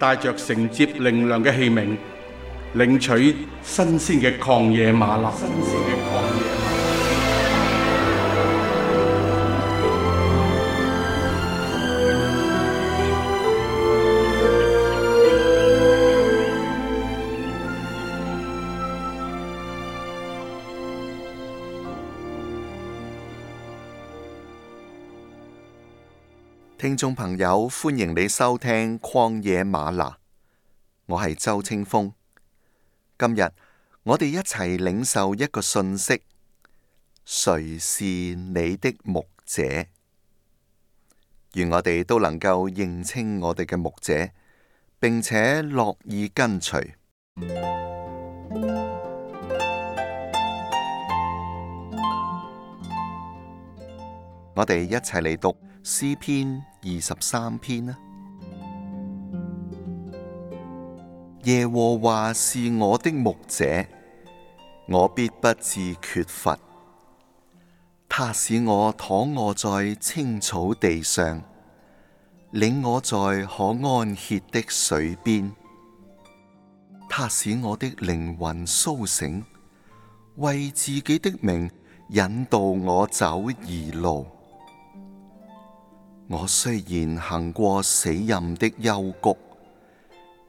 帶着承接靈糧嘅器皿，領取新鮮嘅曠野嗎哪。聽眾朋友，歡迎你收聽曠野嗎哪，我係周清風。今日我哋一齊領受一個訊息：誰是你的牧者？願我哋都能夠認清我哋嘅牧者，並且樂意跟隨。 我哋一齊嚟讀。詩篇二十三篇啊，耶和華是我的牧者，我必不至缺乏。他使我躺臥在青草地上，領我在可安歇的水邊。他使我的靈魂蘇醒，為自己的名引導我走義路。我雖然行過死蔭的幽谷，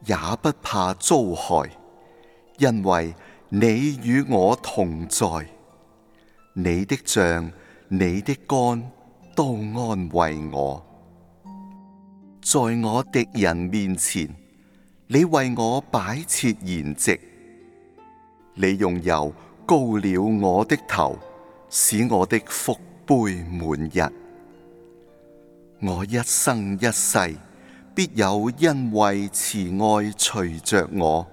也不怕遭害，因為你與我同在。你的杖、你的竿都安慰我。在我敵人面前，你為我擺設筵席。你用油膏了我的頭，使我的福杯滿溢。我一生一世必有恩惠慈愛隨着我，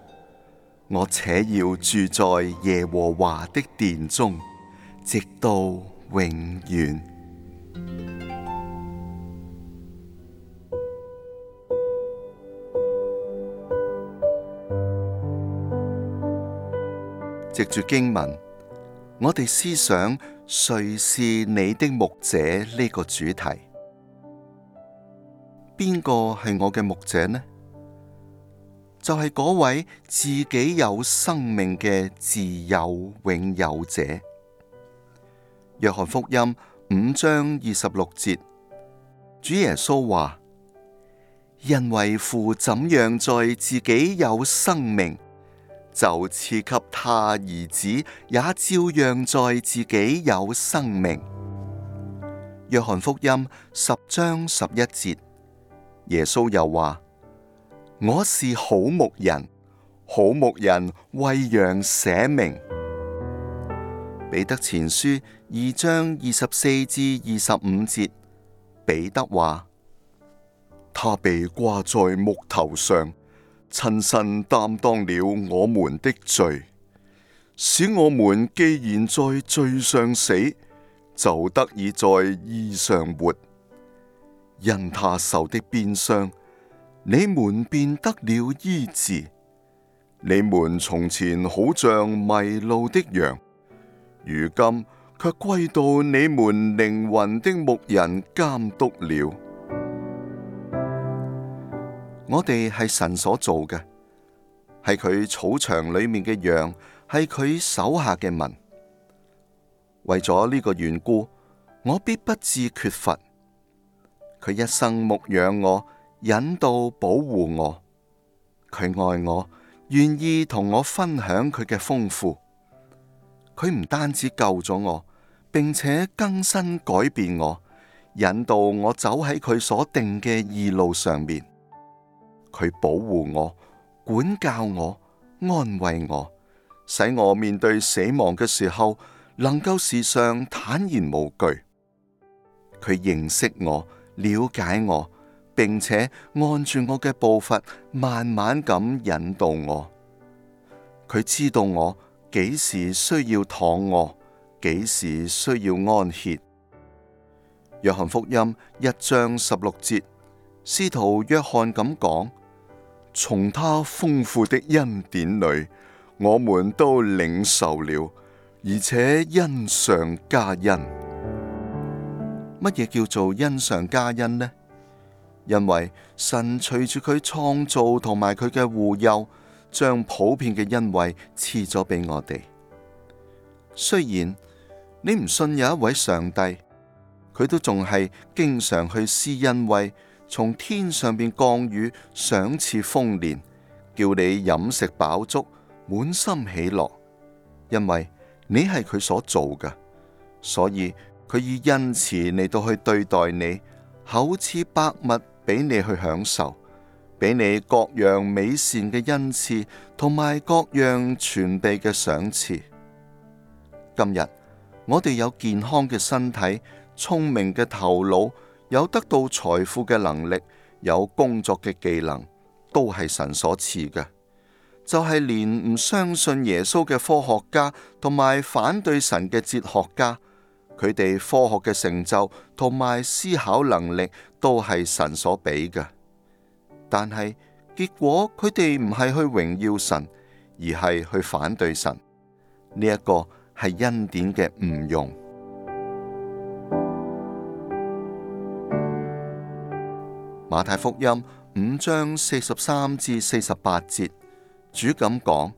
我且要住在耶和華的殿中，直到永遠。 藉住經文，我哋思想誰是你的牧者呢個主題。邊個係我嘅牧者呢？就係、是、嗰位自己有生命嘅自有永有者。約翰福音五章二十六節，主耶穌話：因為父怎樣在自己有生命，就賜給他兒子，也照樣在自己有生命。約翰福音十章十一節。耶穌又話：我是好牧人，好牧人為羊捨命。彼得前書二章二十四至二十五節，彼得話：他被掛在木頭上，親身擔當了我們的罪，使我們既然在罪上死，就得以在義上活。因他受的鞭傷，你們便得了醫治。你們從前好像迷路的羊，如今卻歸到你們靈魂的牧人監督了。我哋係神所做嘅，係佢草場裏面嘅羊，係佢手下嘅民。為咗呢個緣故，我必不至缺乏。佢一生牧養我，引導保護我。佢愛我，願意同我分享佢嘅豐富。佢唔單止救咗我，並且更新改變我，引導我走喺佢所定嘅義路上面。佢保護我，管教我，安慰我，使我面對死亡嘅時候能夠時常坦然無懼。佢認識我。了解我，並且按住我嘅步伐，慢慢咁引導我。佢知道我幾時需要躺卧，幾時需要安歇。約翰福音一章十六節，司徒約翰咁講：從他豐富的恩典裏，我們都領受了，而且恩上加恩。乜嘢叫做恩上加恩呢？因為神隨住佢創造同埋佢嘅護佑，將普遍嘅恩惠賜咗俾我哋。雖然你唔信有一位上帝，佢都仲係經常去施恩惠，從天上邊降雨，賞賜豐年，叫你飲食飽足，滿心喜樂。因為你係佢所做嘅，所以。佢以恩慈嚟到去對待你，厚賜百物俾你去享受，俾你各樣美善嘅恩賜，同埋各樣全備嘅賞賜。今日我哋有健康嘅身體、聰明嘅頭腦、有得到財富嘅能力、有工作嘅技能，都係神所賜嘅。就係、是、連唔相信耶穌嘅科學家同埋反對神嘅哲學家。佢哋科學嘅成就同埋思考能力都係神所俾嘅，但係結果佢哋唔係去榮耀神，而係去反對神。呢一個係恩典嘅誤用。馬太福音五章四十三至四十八節，主咁講：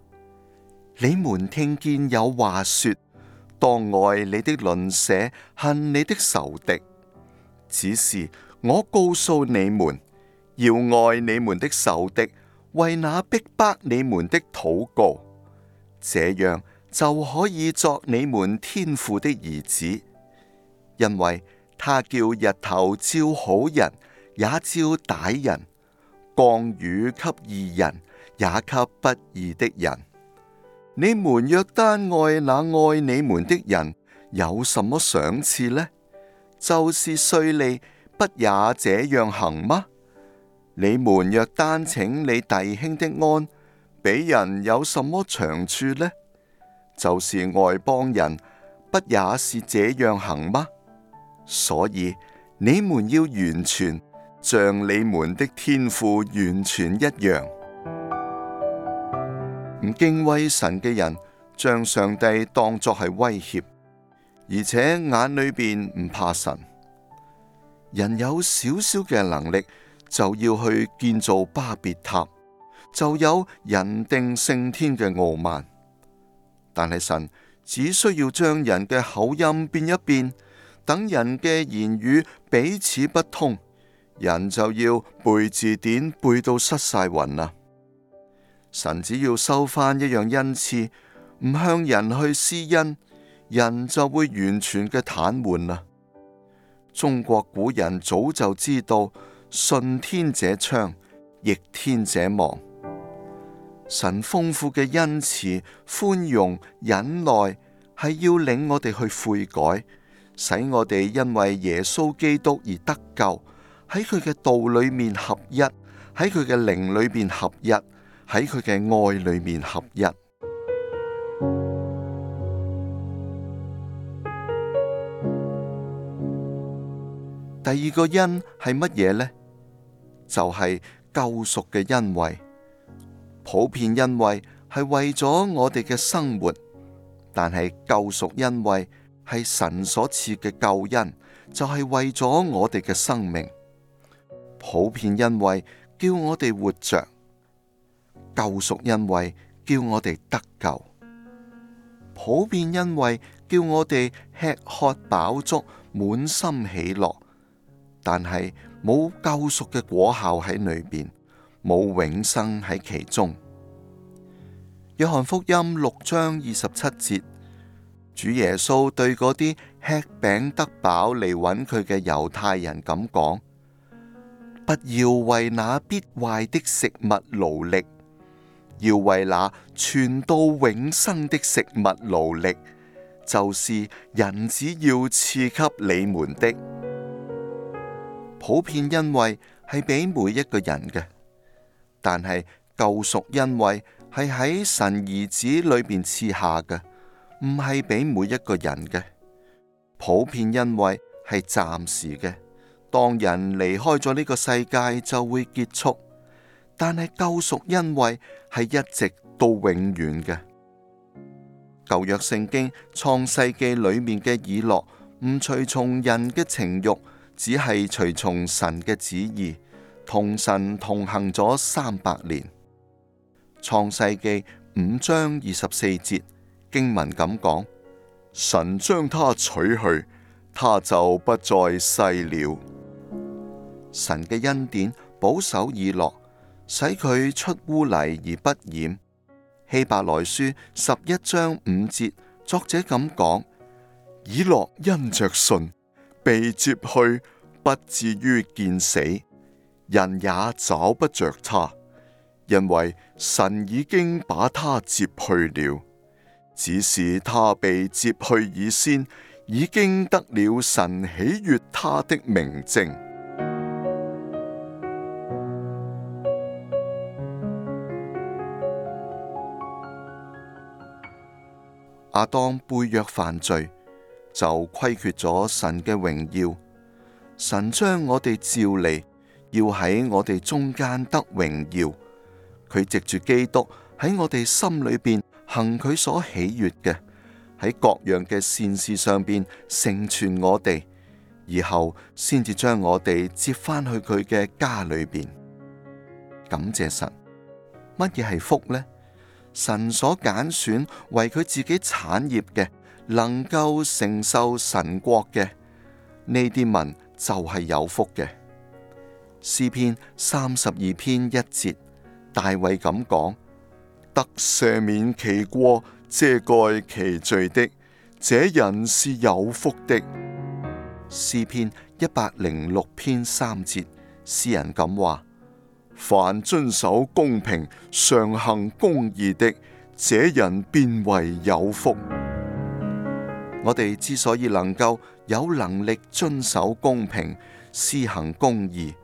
你們聽見有話說。當愛你的鄰舍，恨你的仇敵。只是我告訴你們，要愛你們的仇敵，為那逼迫你們的禱告。這樣就可以作你們天父的兒子，因為他叫日頭照好人也照歹人，降雨給義人也給不義的人。你們若單愛那愛你們的人，有什麼賞賜呢？就是稅吏不也這樣行嗎？你們若單請你弟兄的安，比人有什麼長處呢？就是外邦人，不也是這樣行嗎？所以你們要完全像你們的天父完全一樣。唔敬畏神嘅人，將上帝當作係威脅，而且眼裏邊唔怕神。人有少少嘅能力，就要去建造巴別塔，就有人定勝天嘅傲慢。但係神只需要將人嘅口音變一變，等人嘅言語彼此不通，人就要背字典背到失晒魂啦。神只要收翻一樣恩賜，唔向人去施恩，人就會完全嘅癱瘓啦。中國古人早就知道，順天者昌，逆天者亡。神豐富嘅恩賜、寬容、忍耐，係要領我哋去悔改，使我哋因為耶穌基督而得救，喺佢嘅道裏面合一，喺佢嘅靈裏面合一。喺佢嘅愛裏面合一。第二個恩係乜嘢呢？就係救贖嘅恩惠。普遍恩惠係為咗我哋嘅生活，但係救贖恩惠係神所賜嘅救恩，就係為咗我哋嘅生命。普遍恩惠叫我哋活着。救贖恩惠叫我哋得救，普遍恩惠叫我哋吃喝飽足，滿心喜樂。但係冇救贖嘅果效喺裏邊，冇永生喺其中。約翰福音六章二十七節，主耶穌對嗰啲吃餅得飽嚟揾佢嘅猶太人咁講：不要為那必壞的食物勞力。要為那存到永生的食物勞力，就是人子要賜給你們的。普遍恩惠係俾每一個人嘅，但係救贖恩惠係喺神兒子裏邊賜下嘅，唔係俾每一個人嘅。普遍恩惠係暫時嘅，當人離開咗呢個世界就會結束。但係救贖恩惠係一直都永遠嘅舊約聖經創世記裏面嘅以諾唔隨從人嘅情欲，只係隨從神嘅旨意，同神同行咗三百年。創世記五章二十四節經文咁講：神將他取去，他就不在世了。神嘅恩典保守以諾。使佢出污泥而不染。希伯來書十一章五節，作者咁講：以諾因着信被接去，不至於見死，人也找不着他，因為神已經把他接去了。只是他被接去以先，已經得了神喜悅他的明證。亞當背約犯罪，就虧缺咗神嘅榮耀。神將我哋召嚟，要喺我哋中間得榮耀。佢藉住基督喺我哋心裏邊行佢所喜悅嘅，喺各樣嘅善事上邊成全我哋，而後先至將我哋接返去佢嘅家裏邊。感謝神，乜嘢係福呢？神所揀選為佢自己產業嘅，能夠承受神國嘅呢啲民就係有福嘅。詩篇三十二篇一節，大衛咁講：得赦免其過、遮蓋其罪的，這人是有福的。詩篇一百零六篇三節，詩人咁話。凡遵守公平、常行公義的，這人便為有福。 我哋之所以能夠有能力遵守公平、施行公義，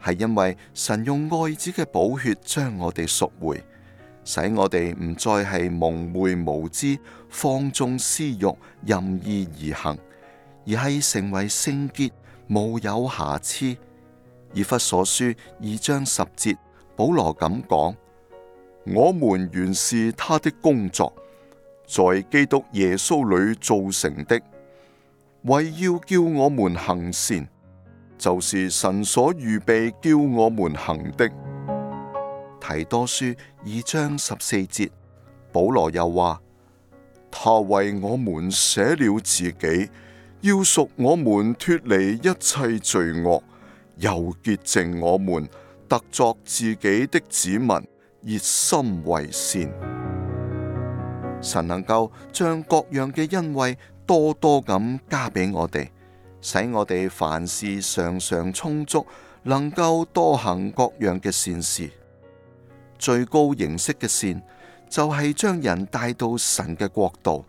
係因為神用愛子嘅寶血將我哋贖回，使我哋唔再係蒙昧無知、放縱私慾、任意而行，而係成為聖潔、無有瑕疵。以弗所書二章十節，保羅咁講：我們原是他的工作，在基督耶穌裏造成的，為要叫我們行善，就是神所預備叫我們行的。提多書二章十四節，保羅又話：他為我們捨了自己，要贖我們，脱離一切罪惡。又潔淨我們，特作自己的子民，熱心為善。神能夠將各樣嘅恩惠多多咁加俾我哋，使我哋凡事常常充足，能夠多行各樣嘅善事。最高形式嘅善，就係將人帶到神嘅國度。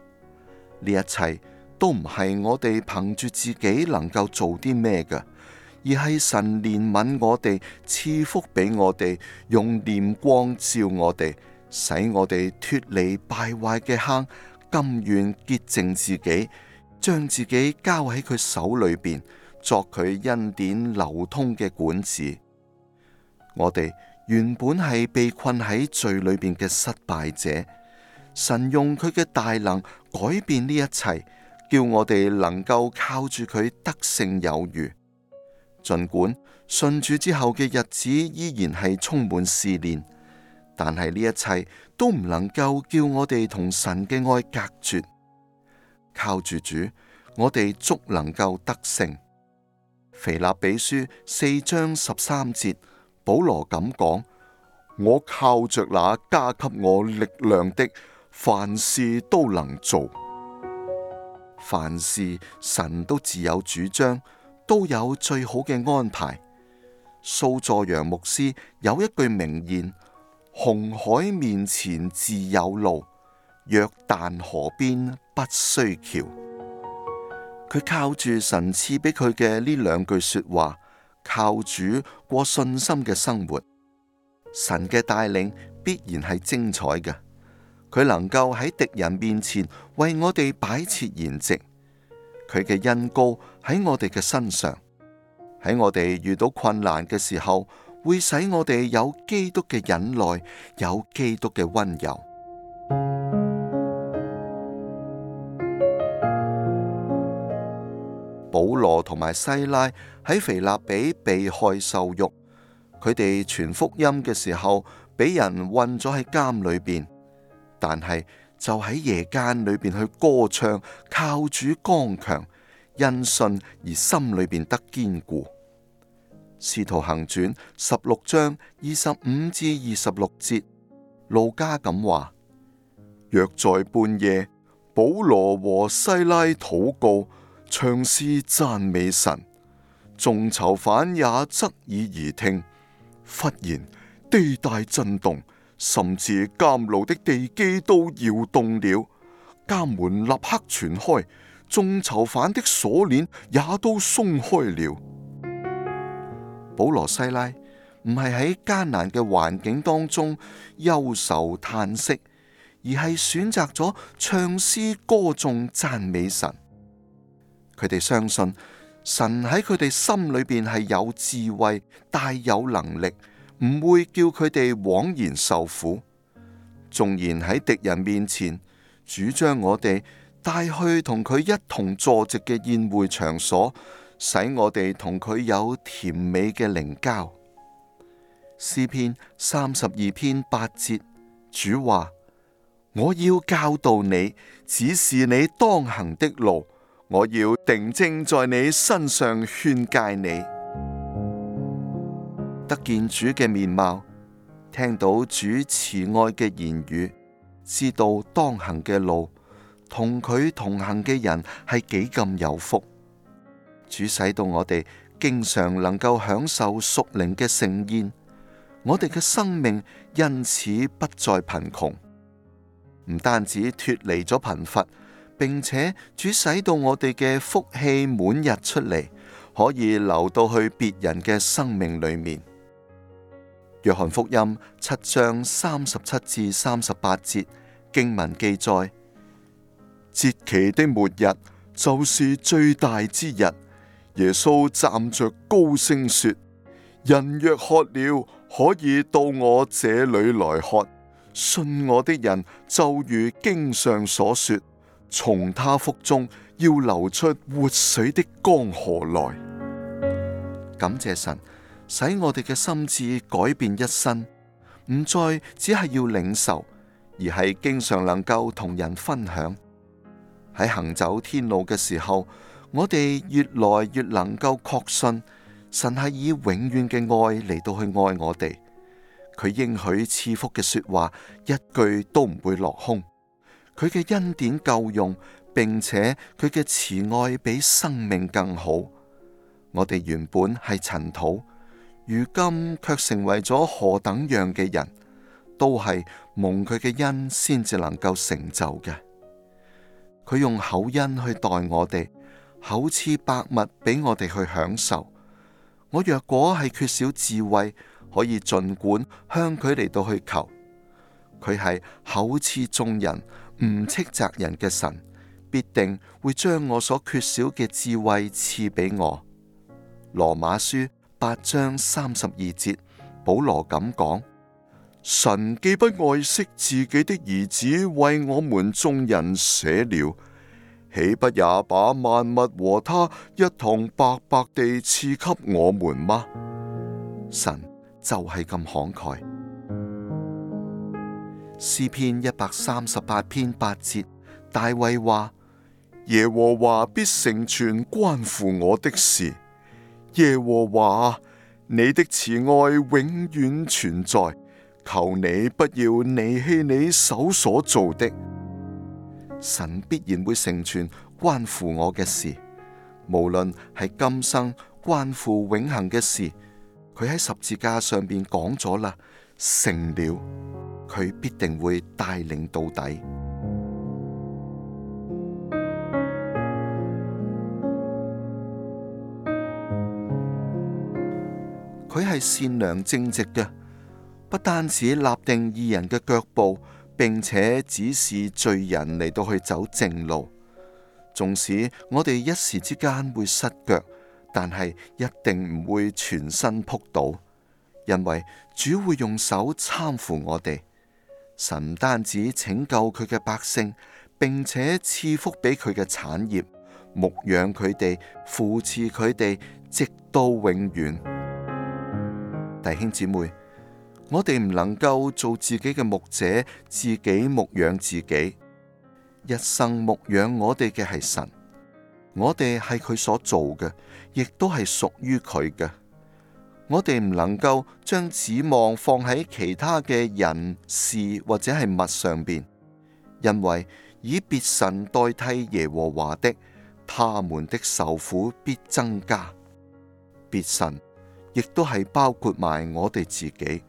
呢一切都唔係我哋憑住自己能夠做啲咩嘅。而係神憐憫我哋，賜福俾我哋，用念光照我哋，使我哋脫離敗壞嘅坑，甘願潔淨自己，將自己交喺佢手裏邊，作佢恩典流通嘅管子。我哋原本係被困喺罪裏邊嘅失敗者，神用佢嘅大能改變呢一切，叫我哋能夠靠住佢得勝有餘。盡管信主之後嘅日子依然係充滿試煉，但係呢一切都唔能夠叫我哋同神嘅愛隔絕。靠住主，我哋足能夠得勝。腓立比書四章十三節，保羅咁講：我靠着那加給我力量的，凡事都能做。凡事神都自有主張。都有最好嘅安排。蘇佐揚牧師有一句名言：紅海面前自有路，約旦河邊不需橋。佢靠住神賜俾佢嘅呢兩句說話，靠主過信心嘅生活。神嘅帶領必然係精彩嘅。佢能夠喺敵人面前為我哋擺設筵席。佢嘅恩膏喺我哋嘅身上，喺我哋遇到困難嘅時候，會使我哋有基督嘅忍耐，有基督嘅溫柔。 保羅同埋西拉喺腓立比被害受辱，佢哋傳福音嘅時候俾人困咗喺監裏邊，但係，就喺夜間裏邊去歌唱，靠主剛強，因信而心裏邊得堅固。使徒行傳十六章二十五至二十六節，路加咁話：若在半夜，保羅和西拉禱告、唱詩讚美神，眾囚犯也側耳而聽，忽然地大震動。甚至監牢的地基都搖動了，監門立刻全開，眾囚犯的鎖鏈也都鬆開了。保羅西拉唔係喺艱難嘅環境當中憂愁嘆息，而係選擇咗唱詩歌頌讚美神。佢哋相信神喺佢哋心裏邊係有智慧，大有能力。唔會叫佢哋枉然受苦，縱然喺敵人面前主將我哋帶去同佢一同坐席嘅宴會場所，使我哋同佢有甜美嘅靈交。詩篇三十二篇八節，主話：我要教導你，指示你當行的路，我要定睛在你身上勸誡你。得見主嘅面貌，聽到主慈愛嘅言語，知道當行嘅路，同佢同行嘅人係幾咁有福。主使到我哋經常能夠享受屬靈嘅盛宴，我哋嘅生命因此不再貧窮。唔單止脫離咗貧乏，並且主使到我哋嘅福氣滿溢出嚟，可以流到去別人嘅生命裏面。約翰福音七章三十七至三十八節經文記載：節期的末日就是最大之日。耶穌站着高聲說：人若渴了，可以到我這裏來喝。信我的人就如經上所說：從他腹中要流出活水的江河來。感謝神。使我哋嘅心智改變一生，唔再只係要領受，而係經常能夠同人分享。喺行走天路嘅時候，我哋越來越能夠確信，神係以永遠嘅愛嚟到去愛我哋。佢應許賜福嘅說話，一句都唔會落空。佢嘅恩典夠用，並且佢嘅慈愛比生命更好。我哋原本係塵土。如今卻成為咗何等樣嘅人，都係蒙佢嘅恩先至能夠成就嘅。佢用厚恩去待我哋，厚賜百物俾我哋去享受。我若果係缺少智慧，可以盡管向佢嚟到去求。佢係厚賜眾人唔斥責人嘅神，必定會將我所缺少嘅智慧賜俾我。羅馬書。八章三十二節，保羅咁講：神既不愛惜自己的兒子，為我們眾人捨了，豈不也把萬物和他一同白白地賜給我們嗎？神就係咁慷慨。詩篇一百三十八篇八節，大衛話：耶和華必成全關乎我的事。耶和華，你的慈愛永遠存在。求你不要離棄你手所做的。神必然會成全關乎我嘅事，無論係今生關乎永恒嘅事，佢喺十字架上面講咗啦，成了，佢必定會帶領到底。佢係善良正直嘅，不單止立定義人嘅腳步，並且指示罪人嚟到去走正路。縱使我哋一時之間會失腳，但係一定唔會全身撲倒，因為主會用手攙扶我哋。神唔單止拯救佢嘅百姓，並且賜福俾佢嘅產業，牧養佢哋，扶持佢哋，直到永遠。弟兄姊妹，我哋唔能夠做自己嘅牧者，自己牧養自己。一生牧養我哋嘅係神，我哋係佢所做嘅，亦都係屬於佢嘅。我哋唔能夠將指望放喺其他嘅人、事或者係物上邊，因為以別神代替耶和華的，他們的受苦必增加。別神。亦都係包括埋我哋自己。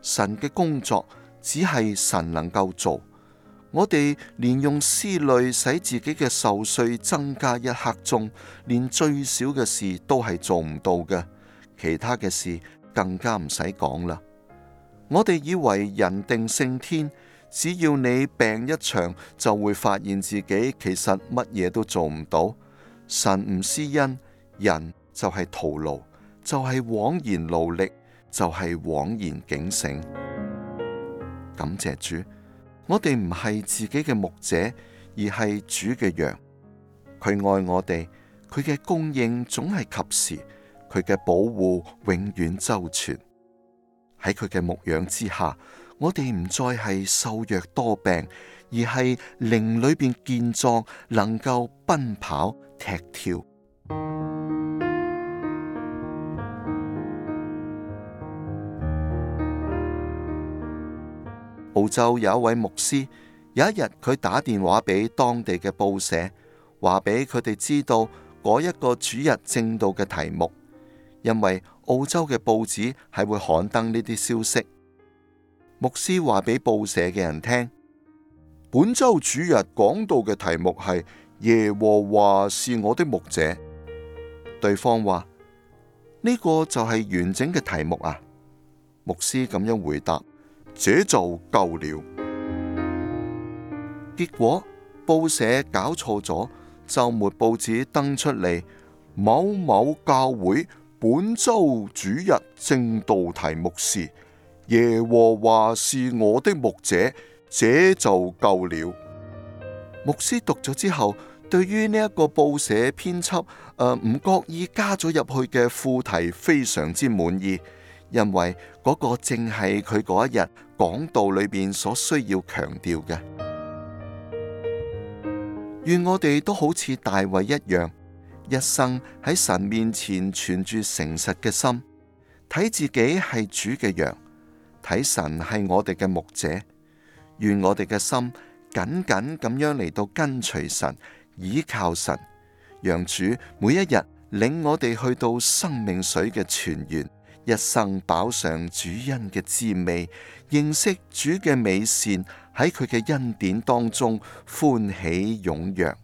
神嘅工作只係神能夠做，我哋連用思慮使自己嘅壽歲增加一刻鐘，連最少嘅事都係做唔到嘅。其他嘅事更加唔使講啦。我哋以為人定勝天，只要你病一場，就會發現自己其實乜嘢都做唔到。神唔施恩，人就係徒勞。就係枉然勞力，就係枉然警醒。感謝主，我哋唔係自己嘅牧者，而係主嘅羊。佢愛我哋，佢嘅供應總係及時，佢嘅保護永遠周全。喺佢嘅牧養之下，我哋唔再係瘦弱多病，而係靈裏邊健壯，能夠奔跑、踢跳。澳洲有一位牧師，有一日佢打電話俾當地嘅報社，話俾佢哋知道嗰一個主日正道嘅題目，因為澳洲嘅報紙係會刊登呢啲消息。牧師話俾報社嘅人聽，本周主日講道嘅題目係耶和華是我的牧者。對方話呢個就係完整嘅題目啊！牧師咁樣回答。這就夠了。結果報社搞錯咗，周末報紙登出嚟，某某教會本周主日正道題目是耶和華是我的牧者，這就夠了。牧師讀咗之後，對於呢一個報社編輯誒唔覺意加咗入去嘅副題非常之滿意。因為嗰、嗰個正係佢嗰一日講道裏面所需要強調嘅。願我哋都好似大衛一樣，一生喺神面前存住誠實嘅心，睇自己係主嘅羊，睇神係我哋嘅牧者。願我哋嘅心緊緊咁樣嚟到跟隨神，倚靠神，讓主每一日領我哋去到生命水嘅泉源。一生飽嘗主恩嘅滋味，認識主嘅美善，喺佢嘅恩典當中歡喜踴躍。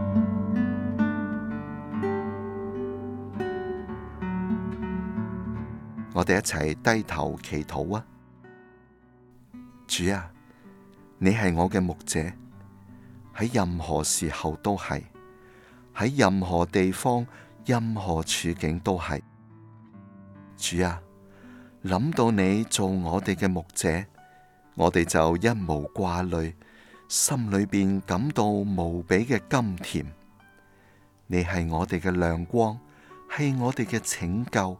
我哋一齊低頭祈禱啊！主啊，你係我嘅牧者，喺任何時候都係。喺任何地方、任何處境都係，主啊，諗到你做我哋嘅牧者，我哋就一無掛慮，心裏面感到無比嘅甘甜。你係我哋嘅亮光，係我哋嘅拯救，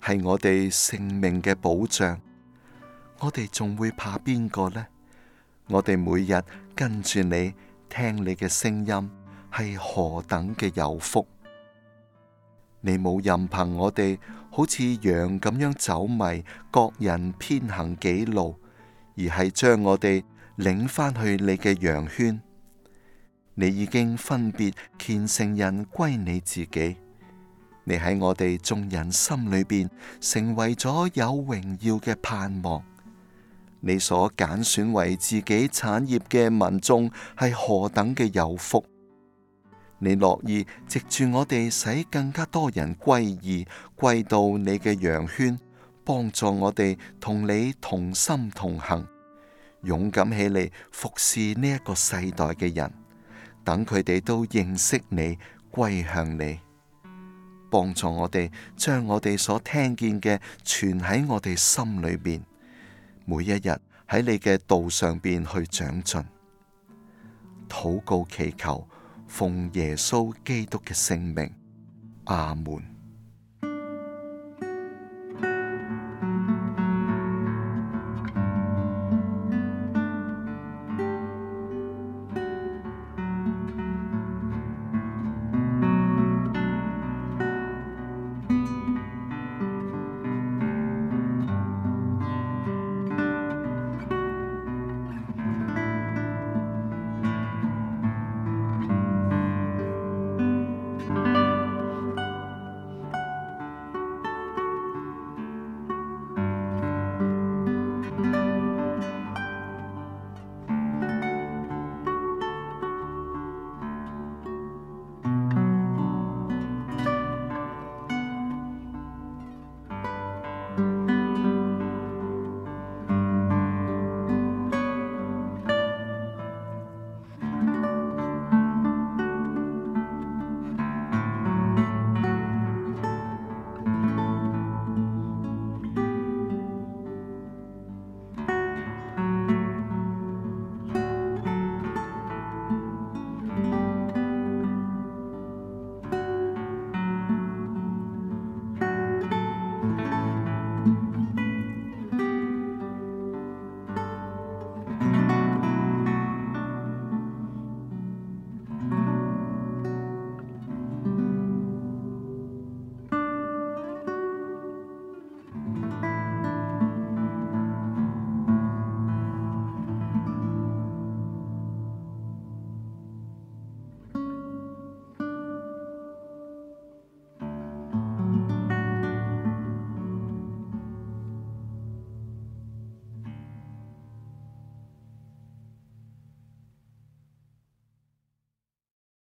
係我哋性命嘅保障。我哋仲會怕邊個呢？我哋每日跟住你，聽你嘅聲音，係何等嘅有福！你冇任憑我哋好似羊咁樣走迷，各人偏行己路，而係將我哋領返去你嘅羊圈。你已經分別虔誠人歸你自己，你喺我哋眾人心裏邊成為咗有榮耀嘅盼望。你所揀選為自己產業嘅民眾，係何等嘅有福！你樂意藉住我哋，使更加多人歸義，歸到你嘅羊圈，幫助我哋同你同心同行，勇敢起嚟服侍呢一個世代嘅人，等佢哋都認識你，歸向你，幫助我哋將我哋所聽見嘅存喺我哋心裏面，每一日喺你嘅道上邊去長進，禱告祈求。奉耶穌基督嘅聖名，阿門。